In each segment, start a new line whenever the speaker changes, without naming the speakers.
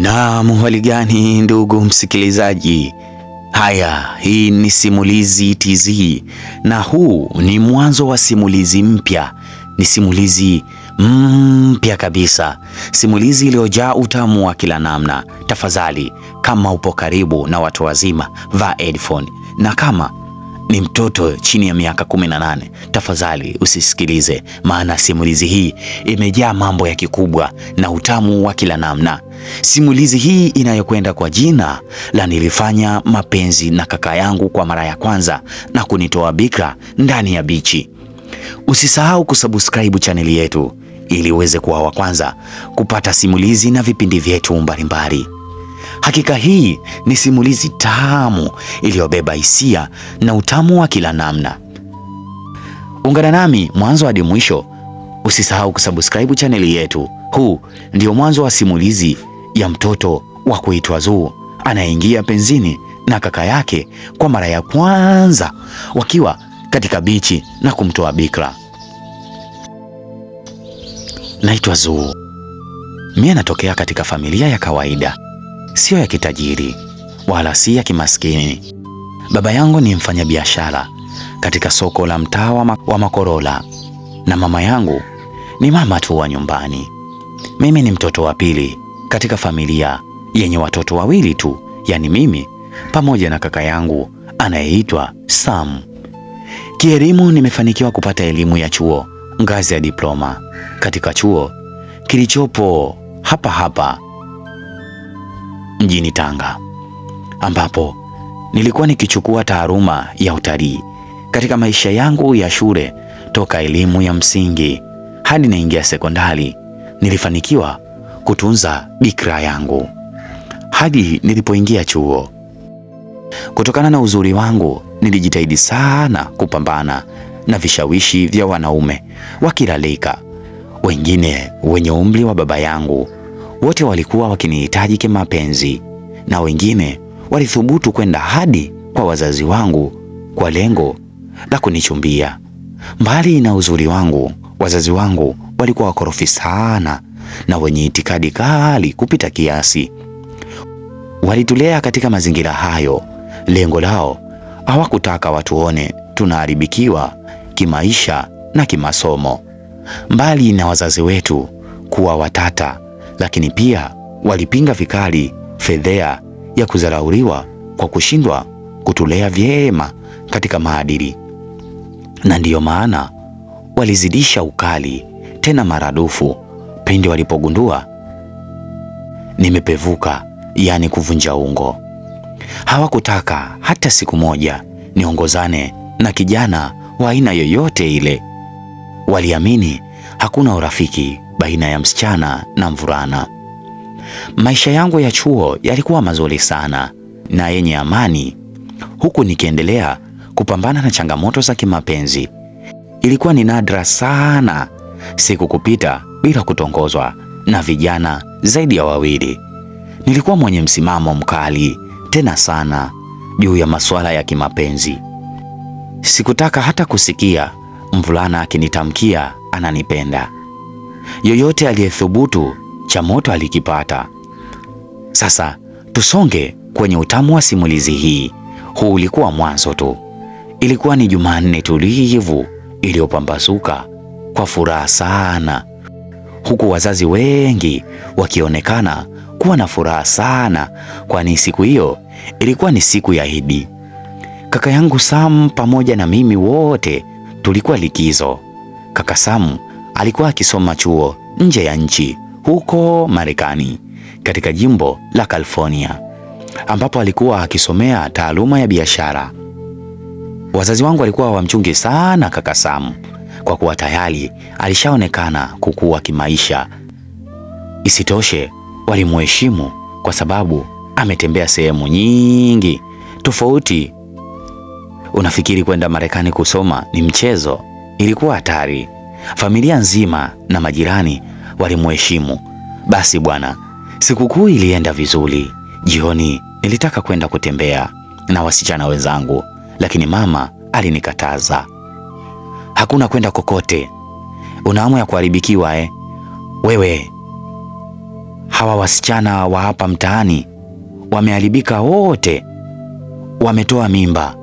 Na muhali gani, ndugu msikilizaji? Haya, hii ni Simulizi TZ na huu ni mwanzo wa simulizi mpya, ni simulizi mpya kabisa, simulizi iliyojaa utamu wa kila namna. Tafadhali, kama upo karibu na watu wazima, vaa headphone na kama ni mtoto chini ya miaka 18, tafadhali usisikilize, maana simulizi hii imejaa mambo ya kikubwa na utamu wa kila namna. Simulizi hii inayokwenda kwa jina la nilifanya mapenzi na kaka yangu kwa mara ya kwanza na kunitoa bikra ndani ya bichi. Usisahau kusubscribe chaneli yetu ili uweze kuwa wa kwanza kupata simulizi na vipindi vyetu mbalimbali. Hakika hii ni simulizi tamu iliyobeba hisia na utamu wa kila namna. Ungana nami mwanzo hadi mwisho. Usisahau kusubscribe chaneli yetu. Huu ndio mwanzo wa simulizi ya mtoto wa kuitwa Zuu anayeingia penzini na kaka yake kwa mara ya kwanza wakiwa katika bichi na kumtoa bikra. Naitwa Zuu. Mie natokea katika familia ya kawaida siyo ya kitajiri wala si ya kimaskini. Baba yangu ni mfanyabiashara katika soko la mtaa wa Makorola na mama yangu ni mama tu wa nyumbani. Mimi ni mtoto wa pili katika familia yenye watoto wawili tu, yani mimi pamoja na kaka yangu anayeitwa Sam. Kielimu nimefanikiwa kupata elimu ya chuo ngazi ya diploma katika chuo kilichopo hapa hapa mjini Tanga, ambapo nilikuwa nikichukua taaluma ya utalii katika maisha yangu ya shule. Toka elimu ya msingi hadi naingia sekondari, nilifanikiwa kutunza bikra yangu hadi nilipoingia chuo. Kutokana na uzuri wangu, nilijitahidi sana kupambana na vishawishi vya wanaume wa kila rika, wengine wenye umri wa baba yangu wote walikuwa wakinihitaji kimapenzi na wengine walithubutu kwenda hadi kwa wazazi wangu kwa lengo la kunichumbia. Mbali na uzuri wangu, wazazi wangu walikuwa wakorofi sana na wenye itikadi kali kupita kiasi. Walitulea katika mazingira hayo, lengo lao hawakutaka watuone tunaharibikiwa kimaisha na kimasomo. Mbali na wazazi wetu kuwa watata lakini pia walipinga vikali fedhea ya kudharauliwa kwa kushindwa kutulea vyema katika maadili, na ndiyo maana walizidisha ukali tena maradufu pindi walipogundua nimepevuka, yaani kuvunja ungo. Hawakutaka hata siku moja niongozane na kijana wa aina yoyote ile. Waliamini hakuna urafiki baina ya msichana na mvulana. Maisha yangu ya chuo yalikuwa mazuri sana na yenye amani, huku nikiendelea kupambana na changamoto za kimapenzi. Ilikuwa ni nadra sana siku kupita bila kutongozwa na vijana zaidi ya wawili. Nilikuwa mwenye msimamo mkali tena sana juu ya masuala ya kimapenzi. Sikutaka hata kusikia mvulana akinitamkia ananipenda. Yoyote aliyethubutu cha moto alikipata. Sasa tusonge kwenye utamu wa simulizi hii. Huu ulikuwa mwanzo tu. Ilikuwa ni Jumanne tulivu iliyopambazuka kwa furaha sana, huku wazazi wengi wakionekana kuwa na furaha sana, kwani siku hiyo ilikuwa ni siku ya Idi. Kaka yangu Sam pamoja na mimi wote Tulikuwa likizo. Kaka Sam alikuwa akisoma chuo nje ya nchi huko Marekani katika jimbo la California ambapo alikuwa akisomea taaluma ya biashara. Wazazi wangu walikuwa wamchungi sana kaka Sam kwa kuwa tayari alishaonekana kukua kimaisha. Isitoshe, walimheshimu kwa sababu ametembea sehemu nyingi tofauti Unafikiri kwenda Marekani kusoma ni mchezo? Ilikuwa hatari. Familia nzima na majirani walimheshimu. Basi bwana, sikukuu ilienda vizuri. Jioni nilitaka kwenda kutembea na wasichana wenzangu, lakini mama alinikataza. Hakuna kwenda kokote, unaamu ya kuharibikiwa eh? Wewe, hawa wasichana wa hapa mtaani wameharibika wote, wametoa mimba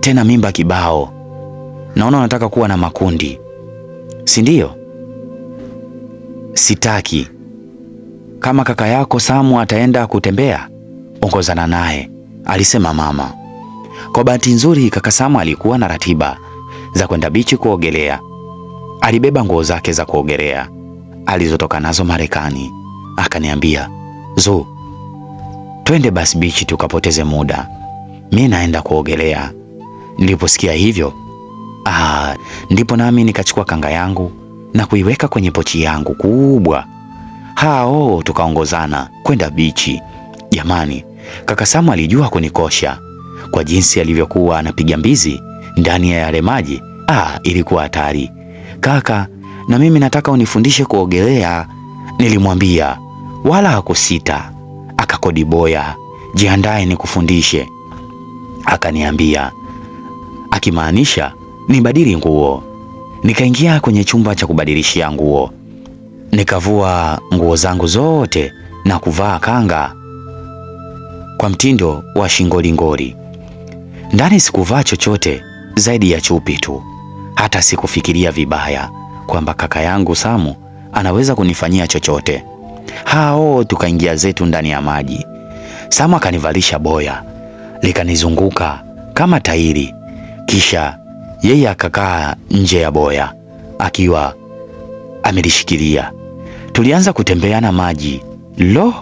tena mimba kibao. Naona unataka kuwa na makundi, si ndio? Sitaki. Kama kaka yako Samu ataenda kutembea, ongozana naye, alisema mama. Kwa bahati nzuri, kaka Samu alikuwa na ratiba za kwenda bichi kuogelea. Alibeba nguo zake za kuogelea alizotoka nazo Marekani, akaniambia Zu, twende basi bichi tukapoteze muda, mi naenda kuogelea. Niliposikia hivyo ah, ndipo nami nikachukua kanga yangu na kuiweka kwenye pochi yangu kubwa. Hao tukaongozana kwenda bichi. Jamani, kaka Samu alijua kunikosha kwa jinsi alivyokuwa anapiga mbizi ndani ya yale maji. Ah, ilikuwa hatari. Kaka, na mimi nataka unifundishe kuogelea, nilimwambia. Wala hakusita, akakodi boya, jiandae nikufundishe. Akaniambia, akimaanisha nibadili nguo. Nikaingia kwenye chumba cha kubadilishia nguo, nikavua nguo zangu zote na kuvaa kanga kwa mtindo wa shingolingoli. Ndani sikuvaa chochote zaidi ya chupi tu. Hata sikufikiria vibaya kwamba kaka yangu Samu anaweza kunifanyia chochote. Hao tukaingia zetu ndani ya maji. Samu akanivalisha boya likanizunguka kama tairi kisha yeye akakaa nje ya boya akiwa amelishikilia. Tulianza kutembea na maji. Lo,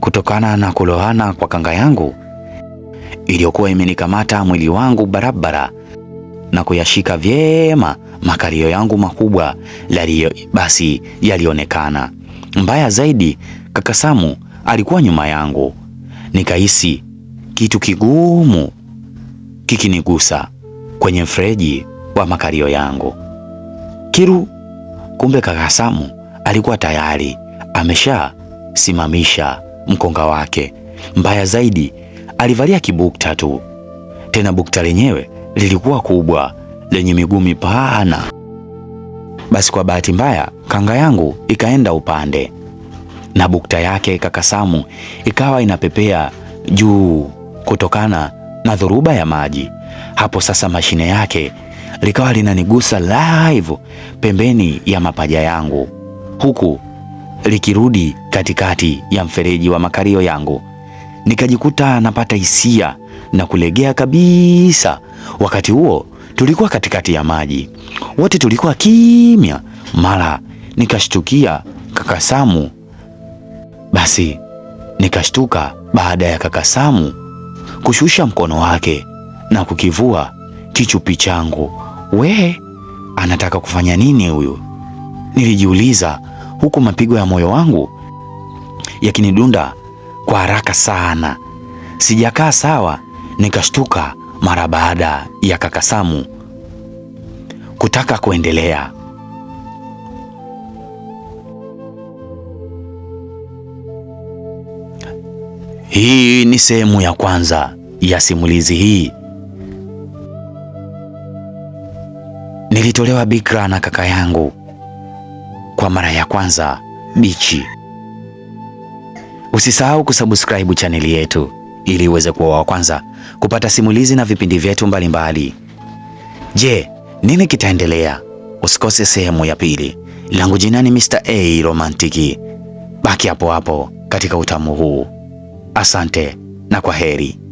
kutokana na kulohana kwa kanga yangu iliyokuwa imenikamata mwili wangu barabara na kuyashika vyema makalio yangu makubwa yaliyo basi yalionekana. Mbaya zaidi, kaka Samu alikuwa nyuma yangu, nikahisi kitu kigumu kikinigusa kwenye mfereji wa makalio yangu. Kiru, kumbe kaka Samu alikuwa tayari ameshasimamisha mkonga wake. Mbaya zaidi, alivalia kibukta tu, tena bukta lenyewe lilikuwa kubwa lenye miguu mipana. Basi kwa bahati mbaya kanga yangu ikaenda upande na bukta yake kaka Samu ikawa inapepea juu kutokana na dhoruba ya maji. Hapo sasa mashine yake likawa linanigusa live pembeni ya mapaja yangu, huku likirudi katikati ya mfereji wa makario yangu. Nikajikuta napata hisia na kulegea kabisa. Wakati huo tulikuwa katikati ya maji, wote tulikuwa kimya. Mara nikashtukia kaka Samu, basi nikashtuka baada ya kaka Samu kushusha mkono wake na kukivua kichupi changu. We, anataka kufanya nini huyu? Nilijiuliza huku mapigo ya moyo wangu yakinidunda kwa haraka sana. Sijakaa sawa, nikashtuka mara baada ya kaka Samu kutaka kuendelea. Hii ni sehemu ya kwanza ya simulizi hii. Nilitolewa bikra na kaka yangu kwa mara ya kwanza bichi. Usisahau kusubscribe chaneli yetu ili uweze kuwa wa kwanza kupata simulizi na vipindi vyetu mbalimbali. Je, nini kitaendelea? Usikose sehemu ya pili. Langu jina ni Mr. A Romantiki. Baki hapo hapo katika utamu huu. Asante na kwa heri.